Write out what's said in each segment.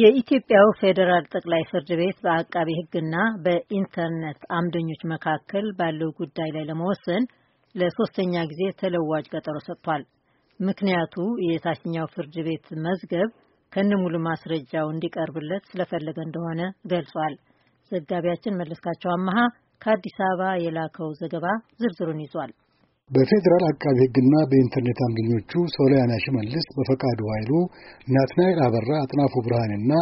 የኢትዮጵያው ፌዴራል ጠቅላይ ፍርድ ቤት በአቃቢ ሕግና በኢንተርኔት አምደኞች መካከል ባለው ጉዳይ ላይ ለመወሰን ለሶስተኛ ጊዜ ተለዋጭ ቀጠሮ ሰጥቷል። ምክንያቱ የታችኛው ፍርድ ቤት መዝገብ ከነሙሉ ማስረጃው እንዲቀርብለት ስለፈለገ እንደሆነ ገልጿል። ዘጋቢያችን መለስካቸው አመሃ ከአዲስ አበባ የላከው ዘገባ ዝርዝሩን ይዟል። በፌዴራል አቃቢ ሕግና በኢንተርኔት አምደኞቹ ሶሊያና ሽመልስ፣ በፈቃዱ ኃይሉ፣ ናትናኤል አበራ፣ አጥናፉ ብርሃንና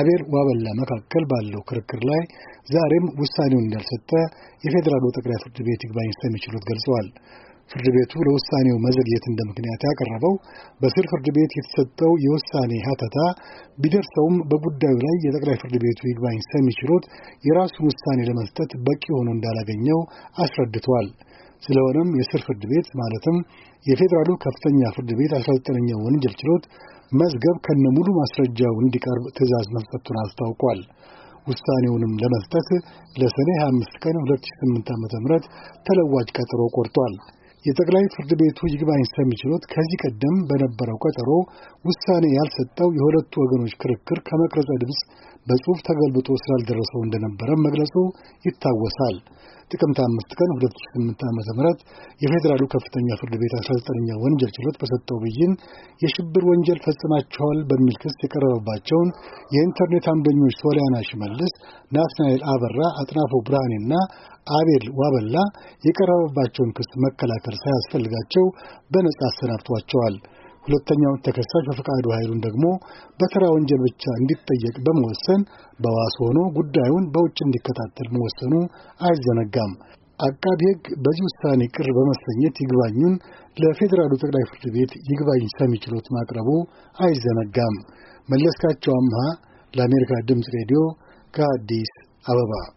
አቤል ዋበላ መካከል ባለው ክርክር ላይ ዛሬም ውሳኔውን እንዳልሰጠ የፌዴራሉ ጠቅላይ ፍርድ ቤት ይግባኝ ሰሚ ችሎት ገልጸዋል። ፍርድ ቤቱ ለውሳኔው መዘግየት እንደ ምክንያት ያቀረበው በስር ፍርድ ቤት የተሰጠው የውሳኔ ሀተታ ቢደርሰውም በጉዳዩ ላይ የጠቅላይ ፍርድ ቤቱ ይግባኝ ሰሚ ችሎት የራሱን ውሳኔ ለመስጠት በቂ ሆኖ እንዳላገኘው አስረድቷል። ስለሆነም የስር ፍርድ ቤት ማለትም የፌዴራሉ ከፍተኛ ፍርድ ቤት አስራ ዘጠነኛው ወንጀል ችሎት መዝገብ ከነሙሉ ማስረጃው እንዲቀርብ ትዕዛዝ መስጠቱን አስታውቋል። ውሳኔውንም ለመስጠት ለሰኔ 25 ቀን 2008 ዓ.ም ተለዋጭ ቀጠሮ ቆርጧል። የጠቅላይ ፍርድ ቤቱ ይግባኝ ሰሚ ችሎት ከዚህ ቀደም በነበረው ቀጠሮ ውሳኔ ያልሰጠው የሁለቱ ወገኖች ክርክር ከመቅረጸ ድምፅ በጽሑፍ ተገልብጦ ስላልደረሰው እንደነበረ መግለጹ ይታወሳል። ጥቅምት አምስት ቀን 2008 ዓ ም የፌዴራሉ ከፍተኛ ፍርድ ቤት 19ኛ ወንጀል ችሎት በሰጠው ብይን የሽብር ወንጀል ፈጽማቸኋል በሚል ክስ የቀረበባቸውን የኢንተርኔት አምደኞች ሶሊያና ሽመልስ ናትናኤል አበራ፣ አጥናፉ ብርሃኔና አቤል ዋበላ የቀረበባቸውን ክስ መከላከል ሳያስፈልጋቸው በነጻ አሰናብቷቸዋል። ሁለተኛውን ተከሳሽ በፈቃዱ ኃይሉን ደግሞ በተራ ወንጀል ብቻ እንዲጠየቅ በመወሰን በዋስ ሆኖ ጉዳዩን በውጭ እንዲከታተል መወሰኑ አይዘነጋም። አቃቢ ሕግ በዚህ ውሳኔ ቅር በመሰኘት ይግባኙን ለፌዴራሉ ጠቅላይ ፍርድ ቤት ይግባኝ ሰሚ ችሎት ማቅረቡ አይዘነጋም። መለስካቸው አምሃ ለአሜሪካ ድምፅ ሬዲዮ Addis Ababa.